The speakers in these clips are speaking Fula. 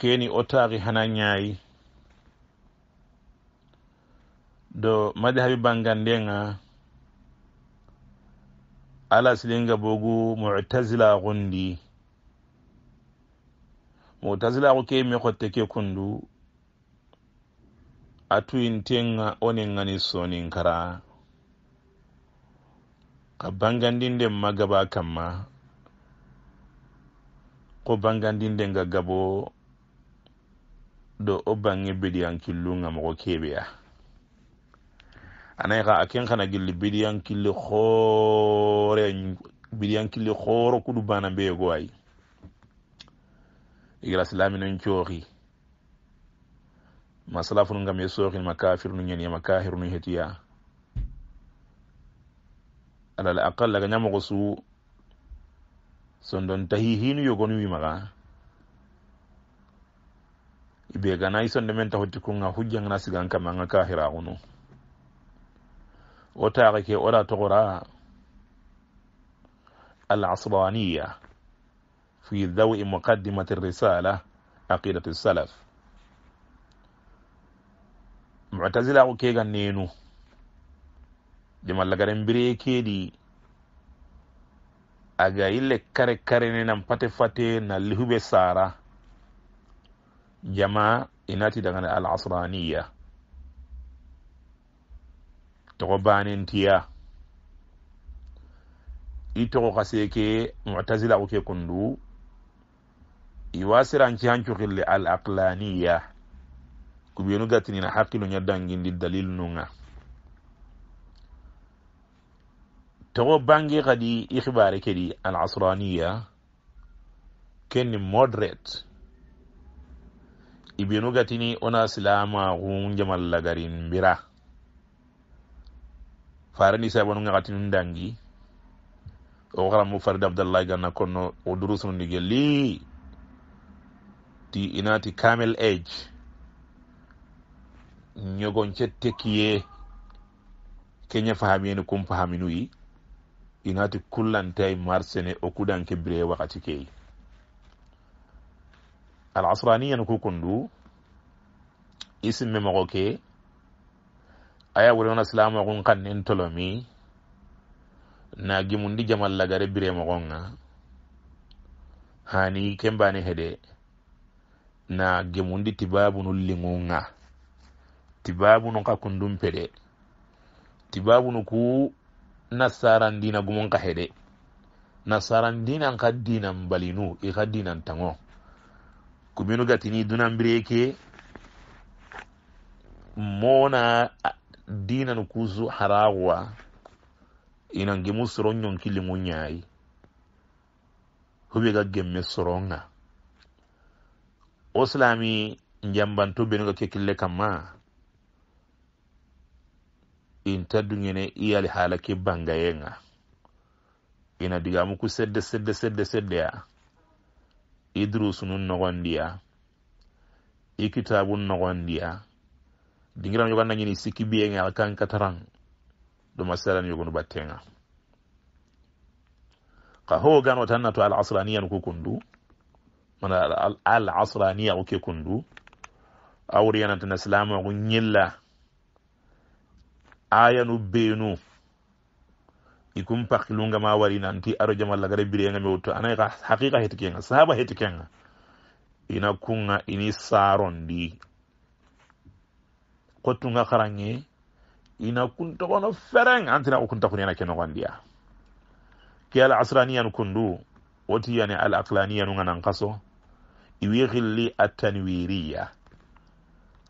keeni o taaki hana ñaayi do madi habi bangande nga ala silinga bogu mutasila gundi mutasila gu ke mi kotte ke kundu atuyintenga onenga ni sonin kara ka bangandinden ma gaba kamma ko bangandinden ga gabo do o bange bidiyankillunga mogo keɓeya anayi xa a ken xana gilli bidiyankilli xoore bidiyankilli xooro kudu bana mbe yego ayi igara silamino cooxi masalafunu ngam ye sooxin ma kafirnu ñen yema kafirnu hetiya alal aqal laga ñamoxo su sondon tahihinu yogonu wimaxa ibe gana isonde men tahotti kunga hujjangana sigan kam anga kahirakunu o taki ke oɗa togora al asraniya fi dhawi muqaddimati risala aqidati salaf mutasilaku kegan nenu dimallagaren biree keɗi aga yille kare karenenan pate fate na lihube sara jamaa e nati dagane al asraniya togo banentiya i togo kaseke mutasila ko ke kundu iwasiranci hancu kille al aklaniya kubenu gatinina hakkilo yaddangindi dalil nunga togo bange kadi i hibare kedi al asraniya kenni modrate ibinu gatini ona silama xun jamallagarin mbira farani sabanu ngaxatinun dangi oo xaramu farid abdallahi ganna konno o durusunu ndige li ti inati camel age ñogonce tekkiye keña fahamiyeni kum fahaminuyi inati kullantay marsene o kudanke bire waxati key alasraniyan kukundu isimme mogo ke aya wolewona silamoogun kan nen tolomi na gimundi jamallagare bire mogonga hani kembani hede na gemundi tibabunun liŋunga tibabunu ka kundun pede tibabunu ku nasarandina gumun ka hede nasarandinan ka dinan balinu i ka dinan taŋo kuminu gatini dunambireke mona dina nukuzu haragwa inangimu soro nyonkili ngunyai hube ga gemme soronga oslami njambantu njambanto benu ga kekille kamma inta dungene iyali halake bangayenga ina digamu ku sedde sedde sedde sedde ya idrus nun nogondiya ikitabu nogondiya dingiram yogo nañini sikki biyeŋe alkankataran ɗuma salan yogonu battenga ka howo gano tan na to al asraniya nu kukundu mana al asraniya ku ke kundu awriyanantana silamagu ñilla aya nu beenu i kum pakilunga ma warina nti aro jamalla gara birenga mi wotto anayi haqiqa hetikenga saaba hetikenga ina kunga ini sarondi kottunga karange ina kuntogono fereng antina o kuntakuni ena kenogondiya ke al asraniyanu kundu wotiyani al aklaniyanu nga nan kaso iwi xilli a tanwiriya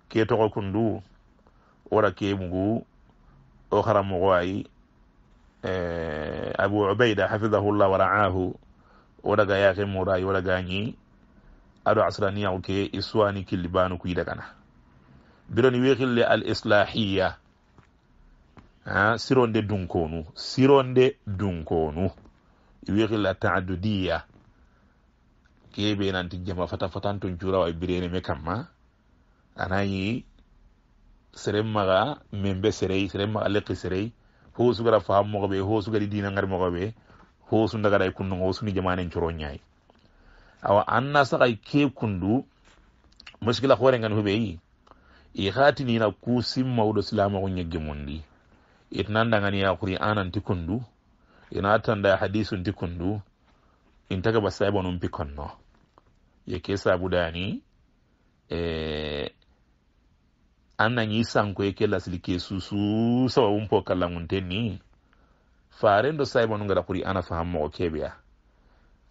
ke toxo kundu wora ke mugu o xaramogo ayi Eh, abu ubayda hafizahullah waraahu wo daga yaake moray wo dagañi aɗo asraniyaku ke iswani killibanu kuyi dagana bironi wixille al islahiya sironde dunkonu sironde dunkonu wixille taaddudiya keɓe nanti jama fata fatanton curawa e birene me kamma anayi seren maga membe serey seren maga leki sereye hoosugara faammogoɓe hoosugari dinangarmogoɓe hoosu dagaray kundu hoosuni jamanen coroñayi awa anna sahay ke kundu muskila hoore gani hoɓeyi i hatinina ku simmawɗo silamagu ñegge mundi itinandagania kuri ananti kundu inatanda hadisunti kundu intagaba saba num pikonno yeke sabudani eh, an nan yi sankoye ke lasili ke susu sababun po kallangunten ni da do sayibanu ngada kuri ana fahim farin mogo keɓeya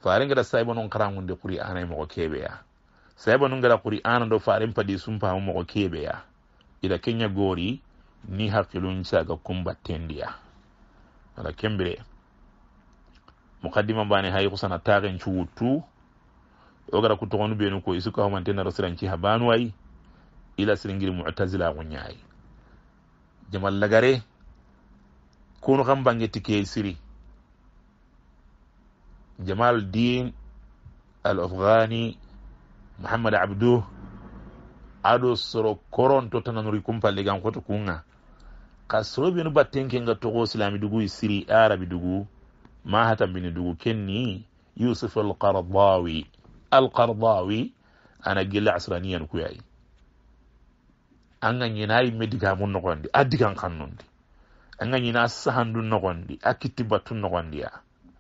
faren ngada sayibanu karangunde kuri ana e mogo keɓeya sayibanu ngada kuri ana do faren padi sum fahamu mogo keɓeya ida kenya gori ni ga caga kumbattendiya wala kembire mukaddima bani hayi kusana taken cuwuttu ogara gara ku togonu ko isuka homantenaro siranci ha banu ayi ila siringiri mutasila ŋuñayi jamal lagare kunu xan bangeti ke siri jamal din al afgani mohamad abdu ado soro koronto tananuri kumpalli gan koto kunga ka sorobenu battenke nga togo silami dugu e siri arabi dugu ma hatambini dugu kenni yusuf alqardawi alqardawi ana gille asraniyanu kuyayi an ga ñina yimme digamu nogondi a digan kannundi an ga ñina sahandu nogondi a kitti battu nogondiya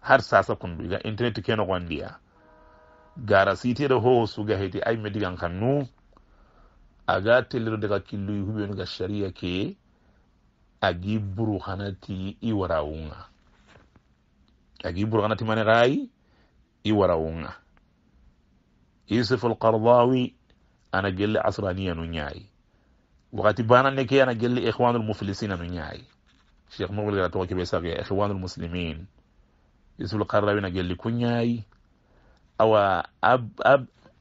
har sasa kundu iga internet ke nogondiya gara sitede howo suga heti a yimme digan kannu aga telliro daga killuyi huɓenu ga sharia ke agi buru hanati i warawunga agi buru hanati mane gayi i warawunga yusuf alkardawi ana gelle asraniya nu ñaayi wakati bana neke yana gelli ikhwanul muflisina nu ñaayi cheikh nuxulgara toxo keɓe sag ikhwanul muslimin yusuf lkarrawi na gelli ku ñaayi awa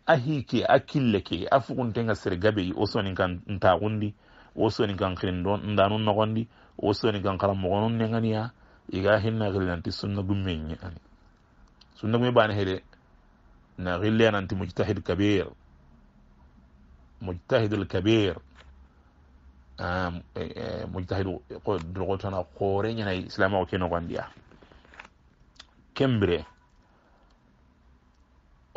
a hike a kille ke a fugunutenga sere gabeyi wo soninka ntaxundi wo soninka xirindo ndanu noxondi wo soninka xaramoxonu nenganiya iga hinna xilinanti sunna gumme ñani sunna gume bane xede na xilleyananti mujtahid kabir mujtahidul kabir E, e, mujtahid dorgotona koore ñanayi islama o kenogondiya kembire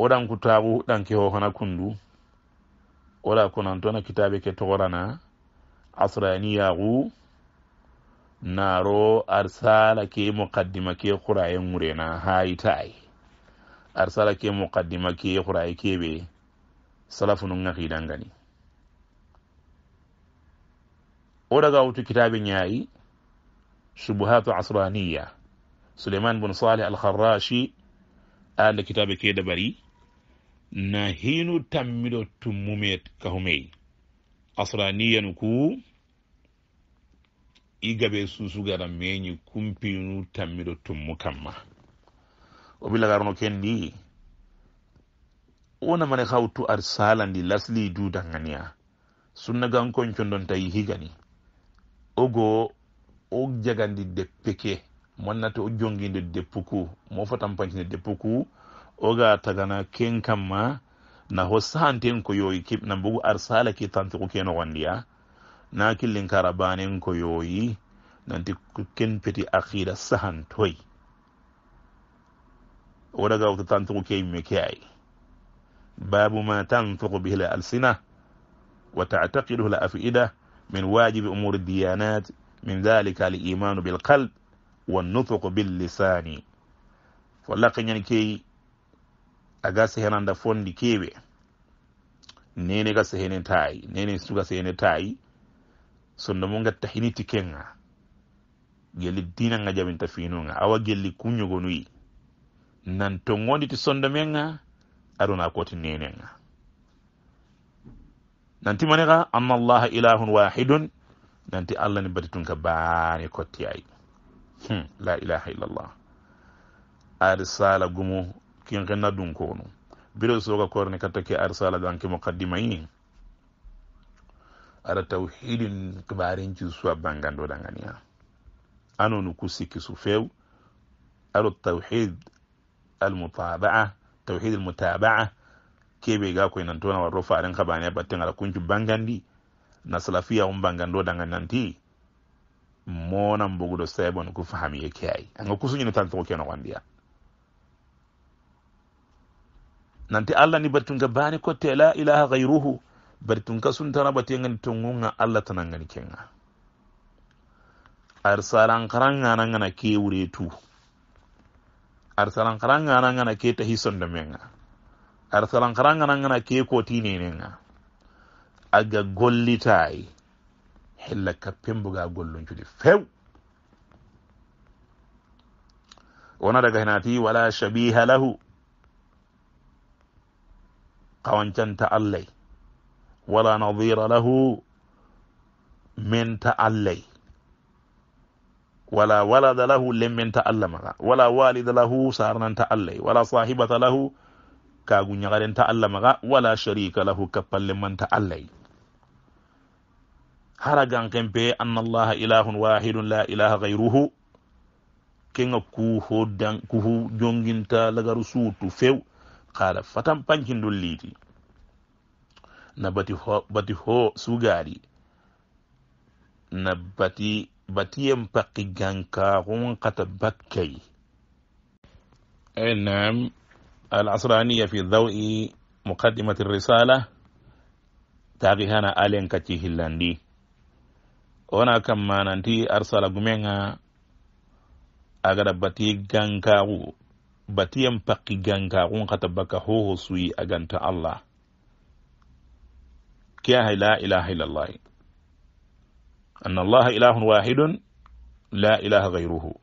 o ɗanku taabu ɗanke ho hona kundu wala konantona kitabe ke togorana asraniyagu naaro arsala ke mukaddima ke huraye ŋurena hayitaayi arsala ke mukaddima ke huraye keɓe salafunu ŋahidangani o daga wutu kitaɓe ñaayi subuhatu asraniya suleiman bun salih alharrachi ala kitaɓe kedabari na hinu tammiɗo tummume kahumey asraniya nu ku i gabe susugara meñi kumpinu tammiɗo tummu kamma o ɓilagarno kendi wonamane hawtu arsala ndi lasli dudaganiya sunna gankoncondon tawi higani o goo o jagandi deppeke monnata o jongide deppu ku mo fotan pancine deppu ku oga tagana ken kamma na ho santen ko yoyi na bogu arsala ki tantiku kenogondiya na killinkara banen ko yoyi nanti ken peti akida sahantoy odaga wota tantiku ke yimme ke ay babu ma tantiku bihi l alsina wa tactaqiduhu l afida min wajibi umuri diyanat min dhalika al imanu bilqalb wannutuku billisani fo laqiñani keyi aga sehenanda fondi keewe nene ga sehene taayi nene suga sehene taayi sonno mo gatta hiniti kenga gelli dinanga jaminta finunga awa gelli kuñugonuyi nan to gonditi sondo menga aɗona koti nenenga nanti mani ga anna allaha ilahun wahidun nanti allah ni baɗi tun ka baani kotti ay hmm, la ilaha illallah ari sala gumu kinxinna dun konu biro soga korni katta ke ari sala danke mukaddima yini ara tawhidin kibarinci suwa bangando dangania anonu ku sikki su few aro tawhid almutaba'a tawhid almutaba'a al kebe ga ko nan tona warro faren kabane bane batin ala kuncu bangandi na salafiya um bangando danga nanti bugu do sebon ku fahami ye keyai anga kusuñini tan togo keno wandiya nanti allah ni bartunka bani kotte la ilaha gayruhu bartunka suntana batengani tongunga allah tanangani kenga arsalan karanganangana ke wuretu arsalan ngana ke da menga arsalankaranganangana ke kotinenenga aga gollitayi hella kappembuga golloncude few wona daga henati wala shabiha lahu kawancanta allay wala nadira lahu menta allay wala walada lahu len menta allah maga wala walida lahu sarnanta allay wala sahibata lahu kagu ñagarenta allah maga wala sharika lahu kappalle manta allahy hara ganken pe annallaha ilahun wahidun la ilaha gayruhu kenga kuhodan kuhu jonginta lagaru suutu few kala fatan pancindun liiti na bati ho bati ho sugaari na bati batiyen paki gankagun kata bakkay e eh, nam alasraniya fi dhawi mukaddimati risala taki hana alen kacci hillandi ona kamma nanti arsala gumenga agada bati gankaku batiyen pakki gankakun kata bakka hoho suyi aganta allah kiyahai la ilaha illallahi anna allaha ilahun wahidun la ilaha gairuhu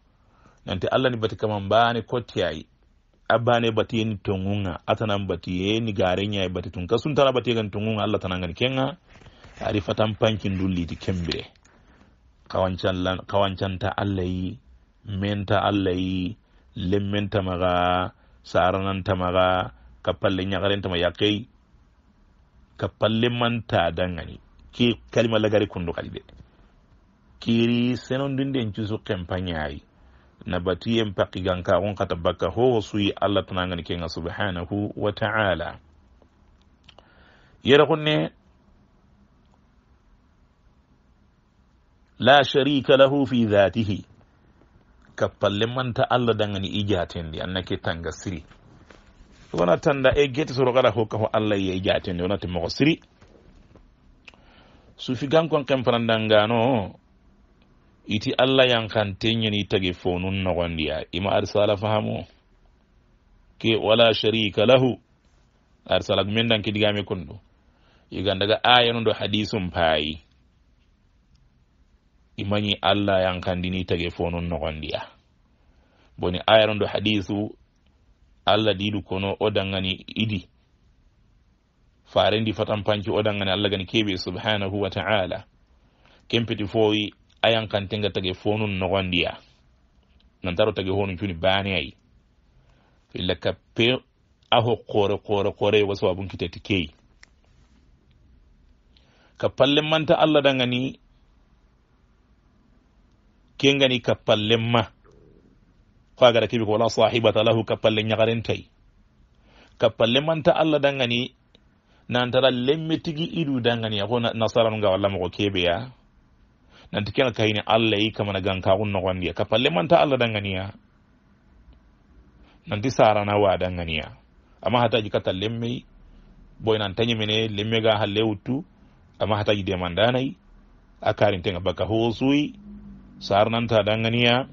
nanti allah ni bati kaman bani kottiyayi a bane batiye ni tonguŋa a tanan batiye ni gare ñay bati tun ka suntara batiye gani tonguŋa allah tanangani kenŋa ari fatan pankindu liti kembire kawancanta allah yi menta allah yi lemmentamaga sarananntamaga ka palle ñagarentama yakkey ka palle manta dangani ki kalima lagari kundu kadi de kiri senondindencusu kempa ñayi nabatiyen pakigankaxun xata bakka howo suyi allah tanangani kenga subhanahu wa taala yerexun ne la sharika lahu fi datihi kappallemanta allah dangani ijatendi annake tanga siri wona tanda e gete sorogara hokkaho allah yiya ijatendi wonate moxo siri sufigankon kenparandangano iti allah yankantenyeni tage fonun nogondiya ima arsala fahamu ke wala sharika lahu arsala gumen dan kidigame kundu igandaga ayanudo hadisum payi imayi allah yankandini tage fonun nogondiya boni ayanudo hadisu allah didu kono o dangani idi farendi fatan panki o dangani allah gani keɓe subhanahu wa taala kempeti fowi ayan kantenga tage fonun nogondiya nantaro tage honun cuni baniyayi filaka pe aho kore kore kore yogo sababun kiteti keyi ka pallemmanta allah dangani kengani ka pallemma ko agara kebi ko wala sahibata lahu ka palle yagarentayi ka pallemmanta allah dangani nantara lemme tigi idu danganiya ko nasaranu ga wallamogo kebeya nanti kena kayine allah yi kamana gankaxun noxondiya kapalle manta allah danganiya nanti sarana wa danganiya ama hataji kata lemmey boy nan tañemene lemme ga halle wuttu ama hataji demandanayi a karintenga bakka hoosuyi sarananta danganiya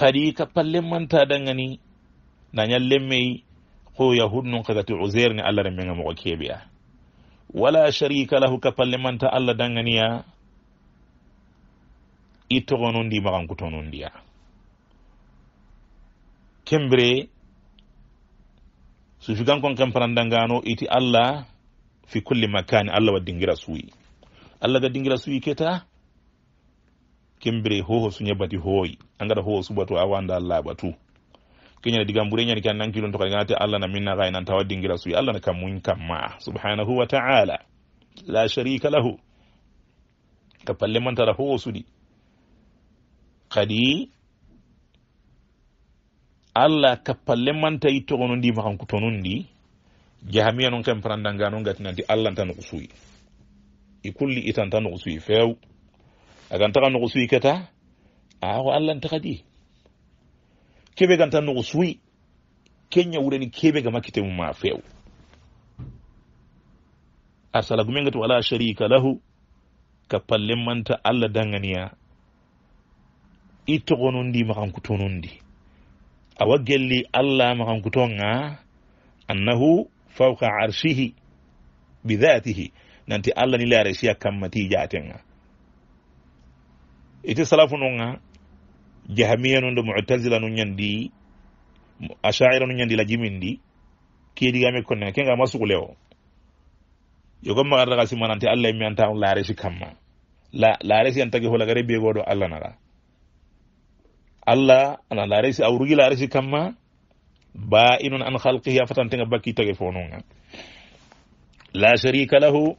kadi kapalle manta dangani naña lemmey xo yahud nun xegati usere ni allah remmenga moxo keɓeya wala sharika lahu ka palle manta allah danganiya i togonondi maxankutonondiya kembire sufigan kon kenparandangano iti allah fi culle makani allah wa dingira suyi allah ga dingira suyi keta kembire hoho suñabati hooyi angaɗa hoho subatu awanda allah batu keñene digamburi ñani kan nankilun tokoa ganate allah na min naxa nan tawa dingira suyi allah na kam muñ kamma subhanahu wa taala la sharika lahu ka palle mantara fo wosudi kadi allah ka palle mantayi togonundi maxankutonundi jahamiya nun ken prandangano gatinanti allah nta nuxu suyi i kulli itanta nuxu suyi few agan taxa nuxu suyi keta axo allah nta xadi kebe ganta no sui kenya wureni kebe ga makite mu ma few asala gumenga to ala sharika lahu ka pallen manta allah danganiya i togonondi maxankutonondi awa gelli allah maxankutonga annahu fauka arshihi bidatihi nanti allah ni layaresiya kammati jatenga ite salafunonga jahamiya nun de mutazila nu ñandi ashaira nu ñandi la jimindi kiyedigami konnega kenga masugule o yogo magar daga simananti allah mi antanu laresi kamma la laresi antagi holagare begodo allah naga allah ana laresi awrugi laresi kamma ba inun an halqihi afatantenga bakki tage fonunga la sharika lahu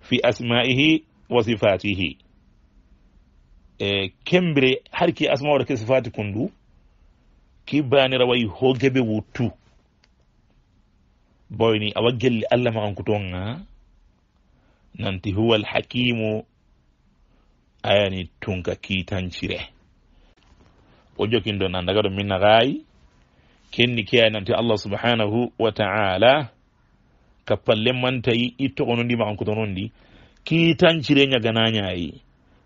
fi asmaihi wa sifatihi kembire kembre har ki asma waɗa ke sifati kon ki bayani wayi ho geɓe wuttu boyni awa gelli allah ma anko ga nanti huwa alhakimu ayani tunka kitancire o jokindo nan daga minna gay kenni ke nanti allah subhanahu wa taala ka palle mantayi i togonondi ma anko tonondi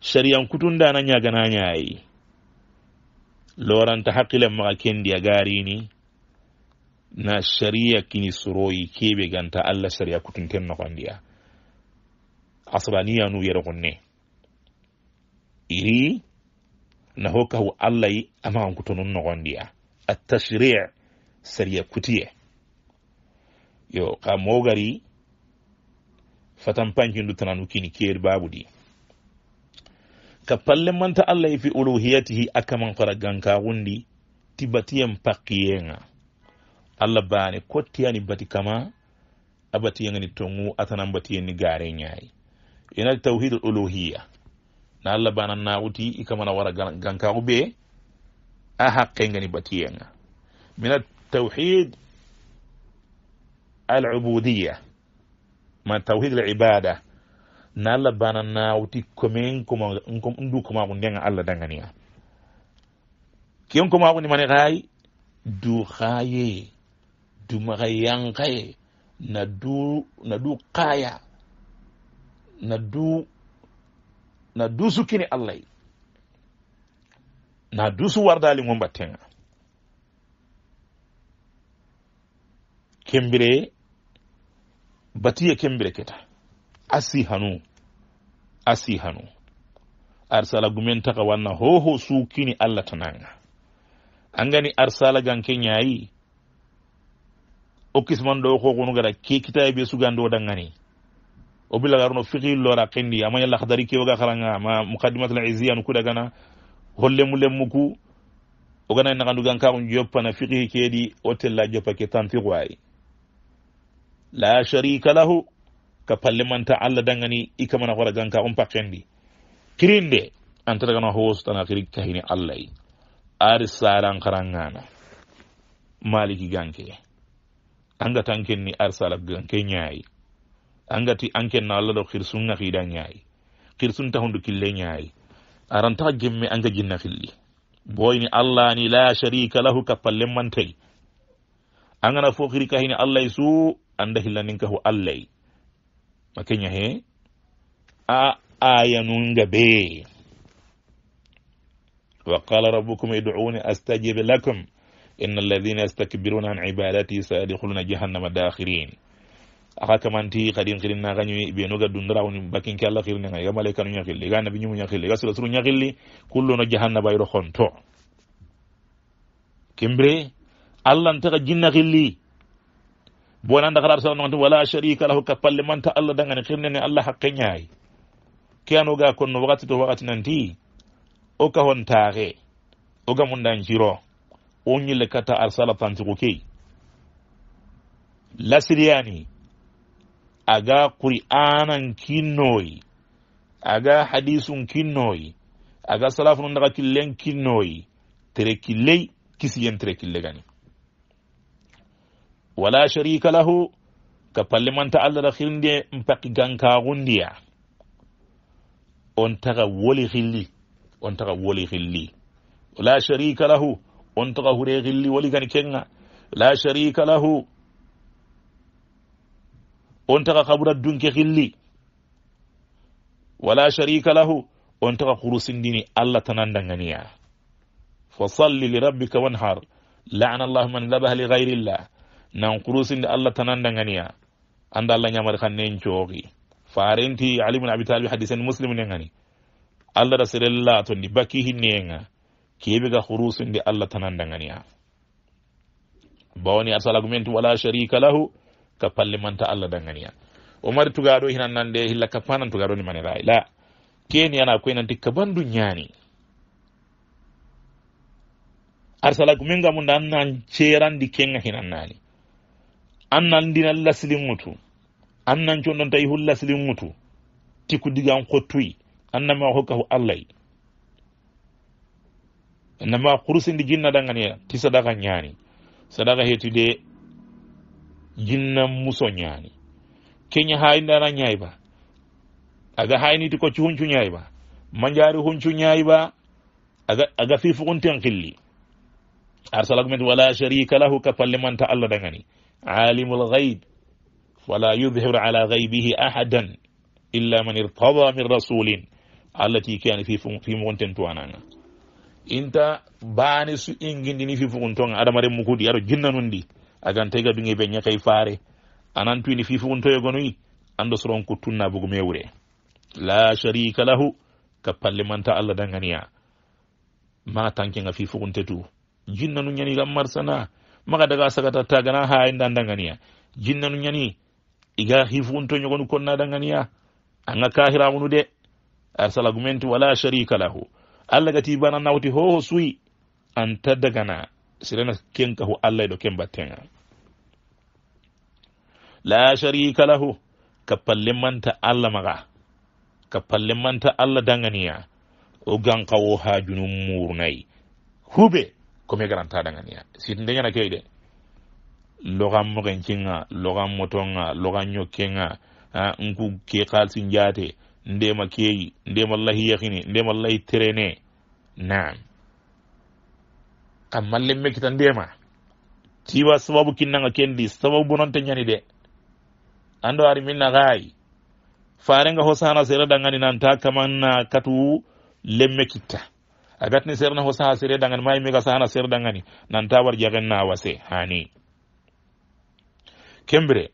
sariyan kutunda na nyaga na nyayi loran ta hakilan kendi ya gari ni na shari'a kini suroi kebe ganta alla shari'a kutunten na kwandiya asraniya nu yere kunne iri na hoka hu alla yi ama an kutunun na kwandiya at-tashri' shari'a kutiye yo ka mogari fatan pankin tananu kini kiyar babu di ka palle manta allah fi uluhiyatihi akaman fara ganka gundi ti batiyen pakkiyenga allah bani kottiyani bati kama a batiyengani tongu atanan batiyenni gare ñayi inati tawhidul uluhiya na allah banan naxuti i wara gankaxu ɓe a haqqengani batiyenga mina tawhid al ubudiya ma tawhid na alla banana wuti kome ndu komaxundi anga allah danganiya ken ni mane xaay du xaaye du maxa yanxaye na du na du xaaya na du na dusu kini allah na dusu wardalingo mbattenga kembire batiye kembire keta asihanu asihanu arsala gumen taka wanna hoho sukini allah tananga angani arsala ganke ñayi o kisman ɗo kokonu gara ke kitaɓe sugande o dangani o bilagarno fihillora kindi amaña lahdari kewaga haranga ma mukadimatul isiyanu kuda gana hollemu lemmu ku ogana nakandu gankaku joppana fihi keedi o tella joppa ke tanti kuwayi la sharika lahu ka pallemanta allah dangani ikamana hora ganka on pakkendi kirinde antatagana howosotana kirig kahini allahy ari saran karangana maliki ganke angati ankenni arsala ganke ñaayi angati ankenna allah ɗo kirsun ŋakiida ñaayi kirsun tahundu kille ñaayi arantaha gemme anga jinna killi boyni allah ni la sharika lahu kappallemmantayi angana fo kiri kahini allahy su anda hillaninkahu allahy makenya he a ayanunga be وقال ربكم ادعوني استجب لكم ان الذين يستكبرون عن عبادتي سيدخلون جهنم داخرين aka kamanti kadin kirin na ganyu be no ga dundara woni bakin kalla kirin na ga malaika no nyakilli ga nabi nyum nyakilli ga sura nyakilli kullu no jahannaba yro khonto kimbre allah ntaka jinna khilli bowona anda karaɓe sawnoon tum wala sharika lahu ka palle manta allah dagani hirnene allah hakke ñaay keano ga konno wakati to wakati nanti o kahontaxe o gamundanciro o ñille katta arsala tantigu ke lasiriyani aga qur'anan kinnoyi aga hadisun kinnoyi aga salafunu ndaxa killen kinnoyi tere killey kisiyen tere kille gani wala sharika lahu ka pallimanta allah ra hirnde mpaki gankagundiya on taga woli hilli on taga woli hilli wala sharika lahu on taga hure hilli woli kani kenga la sharika lahu on taga kabura dunke hilli wala sharika lahu on taga kurusindini allah tanandanganiya fa salli lirabbika wanhar lana allahu man dabaha ligairillah nan kurusinde allah tananda ganiya anda allah ñamata kan nen cooki farenti ali min abitalibe hadi sen muslim ne gani allah da sere laato ndi bakki hinneenga keɓega kurusinde allah tananda ganiya bawni arsal argumente wala sharika lahu ka palle manta allah danganiya o mari tugaɗo hinan nande hilla ka panan tugaɗo ni mane ray la keni ana koynanti ka bandu ñaani arsalagumen gamu ndannan ceerandi kenga hinan nani annal ndinal laslimutu annan con ɗon tawi hu laslimutu tiku digan hottuyi annami wa hokka hu allahy annami wa kursindi jinna dagani ti sadaka ñaani sadaka heeti de jinna muso ñaani keña haayindana ñaayi ba aga hayni ti kocci huncu ñaayi ba manjaari huncu ñaayi ba aga aga fifuhunten killi arsalagumen wala sharika lahu ka palle manta allah dagani عالم الغيب ولا يظهر على غيبه أحدا إلا من ارتضى من رسول التي كان في مغنتنتوانا انت بانس انجندني في فغنتون ادم رمكودي ارو جننوندي اغان تيغا دوني بي نخاي فاري انان تويني في فغنتو يغنوي اندو سرون كو تونا بوغو ميوري لا شريك له كبل من تا الله دانغانيا ما تانكينغا في فغنتتو جننو نياني غمار سنا maga daga sagata tagana ha inda danganiya jinna nu nyani iga hifunto nyogonu konna danganiya anga kahira munu de arsala gument wala sharika lahu alla gati bana nauti ho ho sui anta dagana sirena kenka hu alla do kemba tenga la sharika lahu kapalle manta alla maga kapalle manta alla danganiya o ganqawo ha junum murnai hube kome garanta danganiya sitinde na key de loxan kinga logam motonga nyokenga ñokkenga nku ke xaalisi jate ndema kei ndema lahi yaxini ndema lahi terene naam amma lemme kita ndema tiwa sababu kinnanga kendi sababu te nyani de ando ari minna gai farenga hosana sera dangani nanta kamanna katu lemme kitta agatni serna ho saha sere dangani ma yimiga sahana sere dangani nanta war jaken nawase hani kembre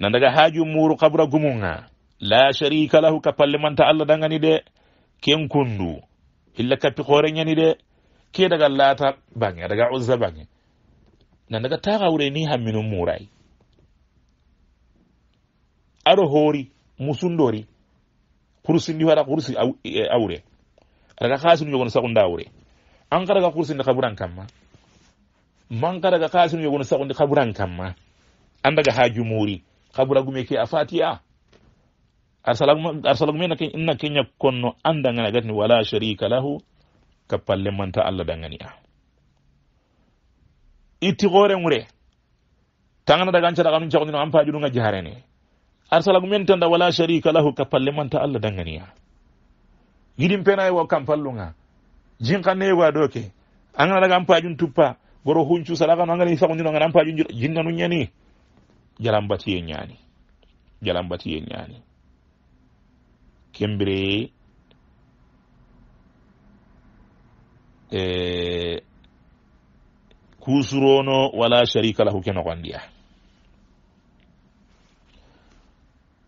nandaga haju muru kabura gumunga la sharika lahu ka pallemanta allah dangani de ken kundu hilla kappi hore yani de ke daga lata bange daga uzza bange nandaga taga wure ni hamminu murai aro hori musundori kursindi wada kursi awre aw, e, araga haasinu yogonu sagundawure ankaraga kursindi xaburan kamma mankaraga haasinu yogonu sagundi xaburan kamma andaga haju muri xabura gume ke a fatiya arsalagumena inna keña konno andangani agatini wala sharika lahu ka palle manta allah dangani a itti xoorenwure tangana daga ncaraxanu ncaxondino an pajunu nga jarene arsalagumen tanda wala sharika lahu ka palle manta allah dangani a gidim pena wa kampallunga jinkanne wa doke angana daga ampajun tuppa goro huncu salaka no angana isago ndino angana ampajun jinna nu nyani jalambati ye nyani jalambati ye nyani kembre e kusurono wala sharika lahu ke nogondiya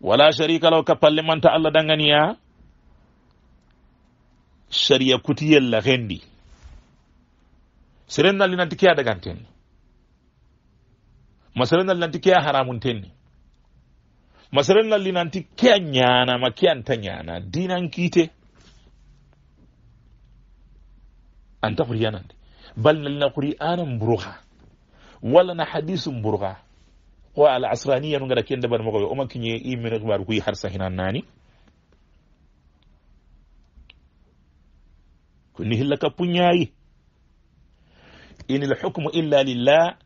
wala sharika lahu ka palle manta allah danganiya sariya kutiyel la hendi seren nalli nanti ke a daganteni ma seren nalli nanti ke a haramuntenni ma seren nalli nanti ke a ñanama ke anta ñana dinankiite anta xuriyanandi bal nalli na qur'ana mburuxa wala na hadisu mburuxa qo ala asraniyanu ngara ken debanamogoyo oma kiñe i mene xibaru kuy xar sahinan nani ko ni hilla kappuñaayi in l hukmu illa lillah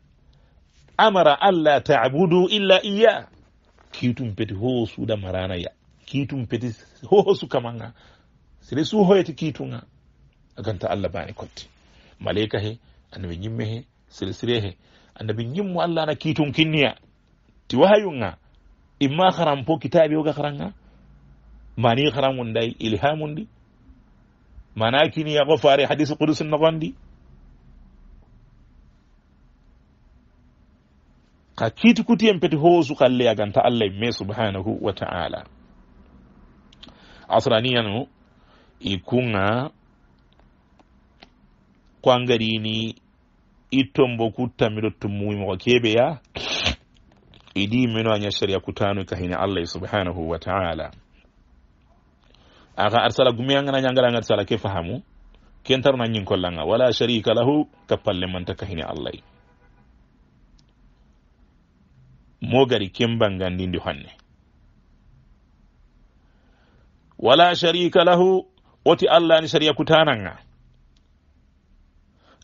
amara alla tabudu illa iya kiitum peti hoosuuda maranaya kiitum peti hoosu kama ga sire suhoyete kiitunga aganta allah bani kotte malaika he annabi ñimme he sire sire he annabi ñimmo allah na kiitun kinniya ti wahayunga imma haram po kitabi oga haranga mani haramun day ilhamun ndi ni yago faare hadise qudus nogondi ka kiiti kutiyen peti hoosu kalle aganta allah me subhanahu wa taala asraniyanu ikunga kunga kwangarini i tombo kuttamiɗo tummuyimogo keɓeya idi meno aña sharia kutano kahine allah subhanahu wa taala aga arsala gumiyangana ñangaranga arsala ke fahamu ken tarna ko langa wala sharika lahu kapalle manta kahini allahi mo gari ken bangandindi honne wala sharika lahu oti allah ni sharia kutananga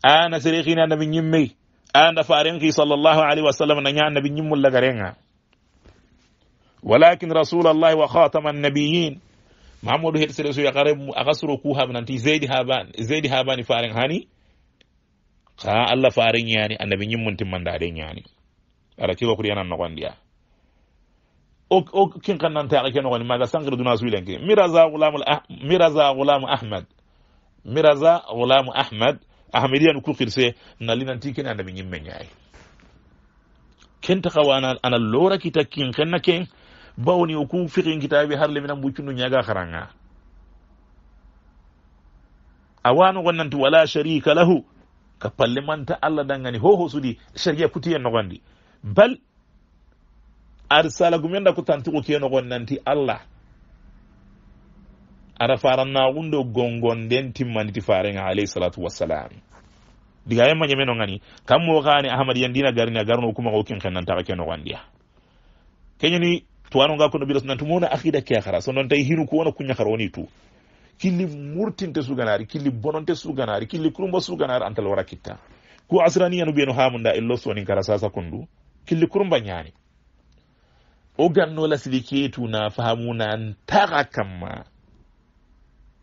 ana serehina nabi ñimmey anda farenki sallallahu alaihi wasallam na ña nabi nyimmu lagarenga ولكن رسول الله وخاتم النبيين mahamadou ya kare mu aka suro ku haɓe nanti zaidi haɓani zeydi haɓani faren hani ka allah faren yani annabi ñimmontimmandaɗen yani ara kewa yana yanan nogondiya o kin kan nan ake ken ni maga sankiri duna suwilenki miraza gulamu miraza gulamu ahmad miraza gulamu ahmad ahmediyan ku kirse nalinanti kene annabi yayi Kin ta takawana ana lora kitakin kin kenna ken bawni o ku fiqin kitabi har leminan buccundu ñaga haranga awano gon nanti wala sharika lahu ka palle manta allah dangani hoho sudi sharia kutiye nogondi bal arsala gumenda ko ke nogon nanti allah ara den timmani timmaniti farenga alayhi salatu wassalam diga yemma ngani gani mo gani ahmad yandina garina garno kuma kumago kin xennantaka ke nogondiya kenyani towano ga ko nabi rasu nanta mowna aqida kekara so noon tawi hinu ko wona kuñakara woni tu killi murtinte suganari killi bononte suganari killi kurumbo suganari antal wara kitta ko asranie no mbiyano hamuda e lossoni gara sasa kondu killi kurumba ñaani o ganno lasili keetuna faamuna taga kamma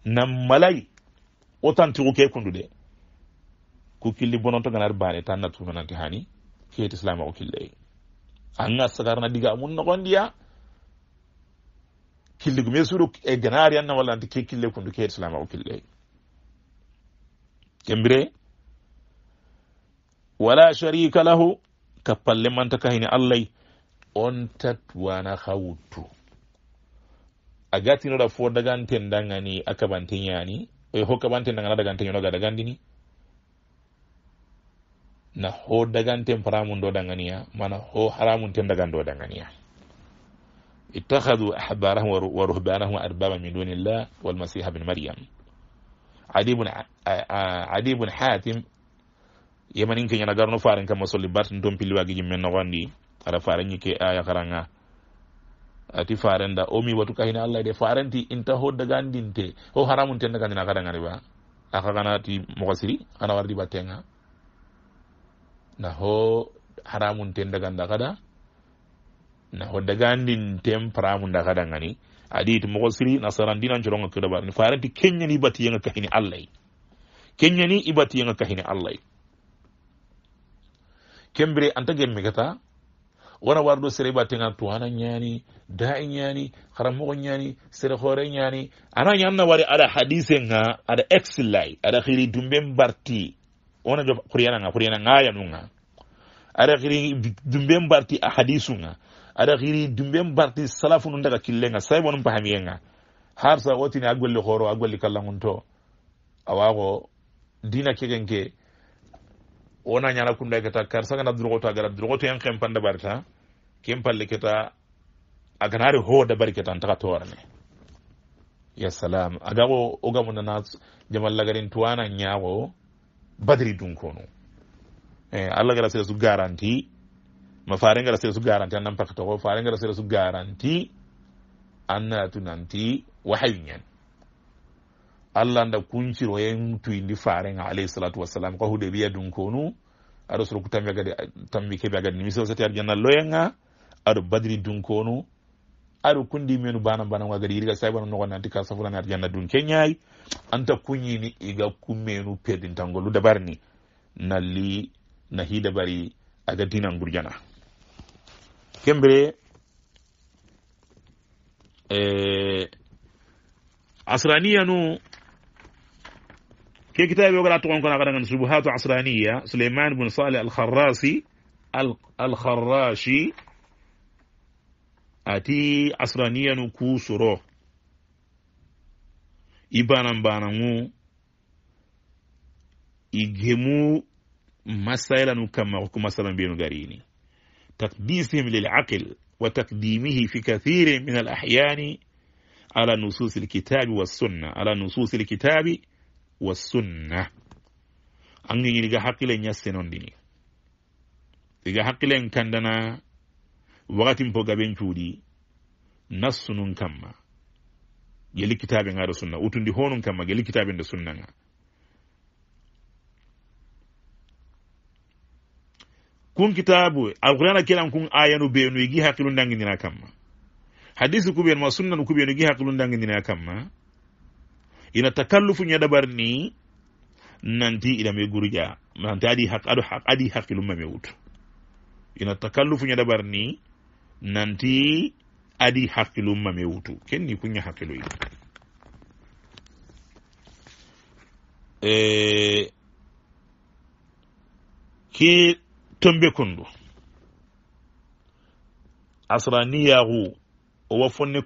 nan malay o tantigu ke kondude ko killi bononto ganari bane tan natumenanti hani keeti islama o killeyi anga sagarna diga mun nogondiya kille gume suuɗo e ganaari anna walla anta ke kille kondu keeɗi salama o kille kembire wala sharika lahu kappalle manta kahini allahy on tat wana hawuttu a gatinoɗa fo daganten dagani a kaɓanten yani e ho kaɓanten dagana daganten yonoga dagandini na ho daganten paramum ɗo daganiya mana ho haramum ten dagan ɗo daganiya ittahadu ahbarahum wa ruhbanahum arbaba min duni illah walmasiha bn maryam adi bn hatim yemaninke ñanagarno faren kamma solli bartin ton pilliwagi jimmen nogondi ara farenñike aya karanga ati farenda o mi watu kahina allah de farenti inta ho dagandinte ho haramunten dagandina kadangariwa akaganati moxo siri ana wardi battenga na ho haramunten daganda kada na din gandin temperamu da kadangani adi to mo siri nasaran dinan ko da ni faranti kenyani ibati yanga kahini allah kenyani ibati yanga kahini allah kembire anta gemme kata wara wardo sere ba tegan tuwana nyani da'i kharam mo nyani sere hore nyani ana ñanna wari ada hadise nga aɗa ada aɗa hiri dumben barti wona jo ayam huryana ya ada kiri hiri dumben barti a nga ada xiri dumben barti salafu nun daga killenga saybonum pahamiyenga har sa wotini a golli hooro a golli kallangunto awaxo dina kegenke wona ñana kunda keta kar sagana durgoto a gara durgoto yang xempan dabarita ken palle keta a ganari ho dabari keta ntaxa torane ya salam agaxo ogamunana jamal lagarin tuwana ñaxo badri dunkono eh allah gara sere su garanti ma ngara sere su garanti annan ko togo ngara sere su garanti nanti wahayñen allah nda kunciro yen tuyindi farenga alayhi salatu wassalam ko hude biya dun konu suru tamikhe ko Nimi agadi tammi keɓe agadi ni miso sati arjanna loyenga aɗo badri dun konu aɗo kundi menu bana banago agadi yiriga sabano nogone anti ka ar arjanna dun keñayi anta ni iga pedin perdintangolu dabarni ni na nahida aga agadina ngurjana كمبري إيه عصرانية نو كي كتاب يقول أتوقع أن سبهات عصرانية سليمان بن صالح الخراسي الخراشي أتي عصرانية نو كوسرو إبانا بانا مو إجمو مسائل نو كما مسائل بينو غاريني تقديسهم للعقل وتقديمه في كثير من الأحيان على نصوص الكتاب والسنة على نصوص الكتاب والسنة أنجي لغا حق لن يسنون ديني لغا حق لن كندنا وقت مبقى بنشودي نص كما يلي كتاب غير سنة وتندي هون كما يلي كتاب غير سنة kun kitabu alqur'ana kila kun ayanu benu igi dangi ndangindina kamma hadisi kuɓen ma sunna nu kuɓenu igi dangi ndangindina kamma ina takallufu dabar ni nanti me gurja nanti adi hak adu hak adi hakkilu mame wutu ina takallufu dabar ni nanti adi hakkilu mame wutu ken ni kuña hakkiluyi eh, ke tombe tombekundu asra niyaxu owa fonni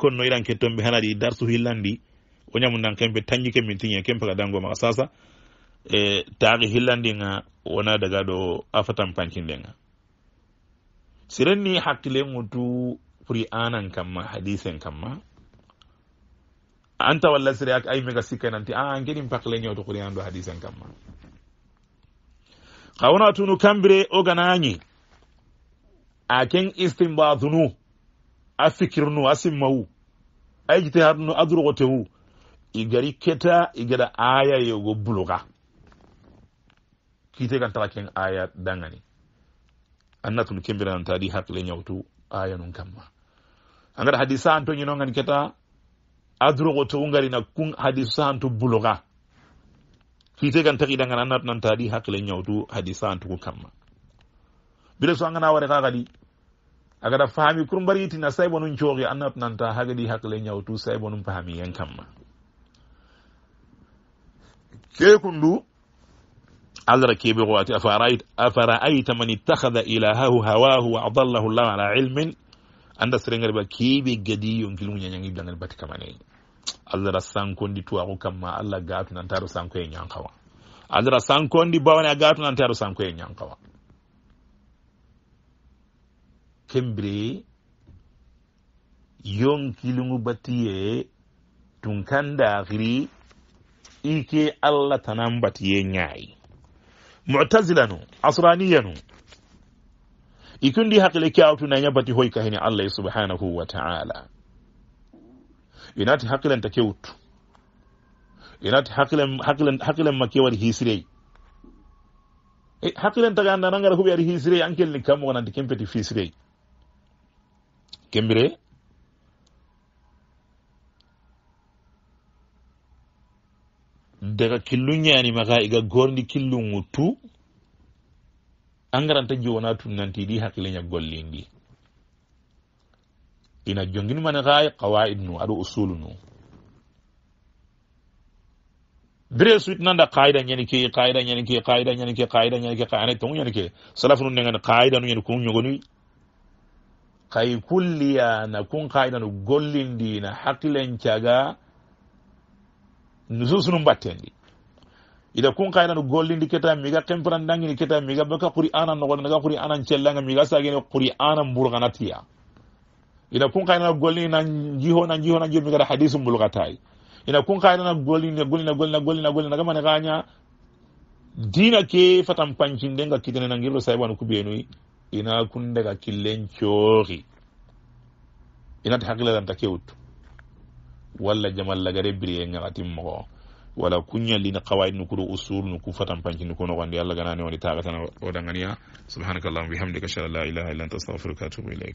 konno iranke tombe hanadi darsu hillandi wo ñamundan kempe tanñi ke min tiñe kempe ga dango maxa sasa e taxi nga wona daga ɗo a fatan pancindenga sirenni hakkile ŋutu puri anan kamma hadisen kamma anta walla sire ay mega sikkananti a ah, ankeɗin pakle ñewto quri an hadisen kamma xawna tunu kambire o ganañi a ken istimbadunu a fikirnu a simmawu a ijtihadnu a durogotewu i gari keta i gada aya yogo buloga kite gantaxa ken aya dangani anna tunu kembire nantadi hakile ñawtu aya nun kamma angada hadi sa anto ñinongani keta a durogotewu ngarina kun hadi sa anto buloga sisegan taxidangan a natnantaadi haqile ñawtu hadi santugu kamma bile so a ngana warexa xadi a gada faami kur mbaritina saybonum cooxi a natnanta hagadi haqile ñawtu saybonum paami yen kamma keekundu allara keɓe xowati afaraayta man ittahada ilahahu hawahu wa adallahu llah ala ilmin anda serengariba keɓe gadi yonkilmu ñañangi bilangani bati kamane allah ra tuwa ko kamma allah gatunantaro sankoye ñankawa allah ra sankondi bawane a gatunantaro sankoye ñankawa kembire yonkilungu batiye tun kan kandakiri ike allah tanan batiye ñayi mutazilanu asraniyanu ikundi hakile kawtunanya bati hoy kahini allah subhanahu wa taala ɓe naati hakkilanta kewtu ɓe naati hakkilan makke waɗi hisirey e, hakkilantaga anda nangara huɓe ari hisirey ankelni kammo wonande kempeti fisirey kembire daga killuñani maga iga gorndi killu ŋuttu angaranta jowona tun nanti ɗi hakkile ñaggolliindi ina jonginmane ha kawaid nu aɗo usulu nu bire suit nanda kaida ñanike kaida ñanike kaida ñanike kaida ñanike ka ane tongu ñanike salaf nu negani kaida nu ñani kun ñogonuy kay kulliya na kun kaida nu gollindi na hakilencaga nususu nu mbattendi ida kun kaida nu gollindi keta miga kempranndangini keta miga baka quri ana nogonde naga quri ana ncellanga miga sagene quri ana mburganatiya ina kun jiho na jiho na jiho kada hadisum bulgatay ina kun kunkaynana gollina gollina gollina gollina gollina gamane ganya dina ke fatam fatan pancindenga kitene nangirro saybanu kubenu ina kun daga killen cooxi inati haqiladanta ke wuttu walla jamallagare biriye ñagatin moxo wala kunya kuñallini qawaid nu kuru usul nu nuku fatan pancini ku noxondi alla ganani woni taxatana o danganiya subhanakallahuma bihamdika shalla la ilaha illa anta astaghfiruka atubu ilayk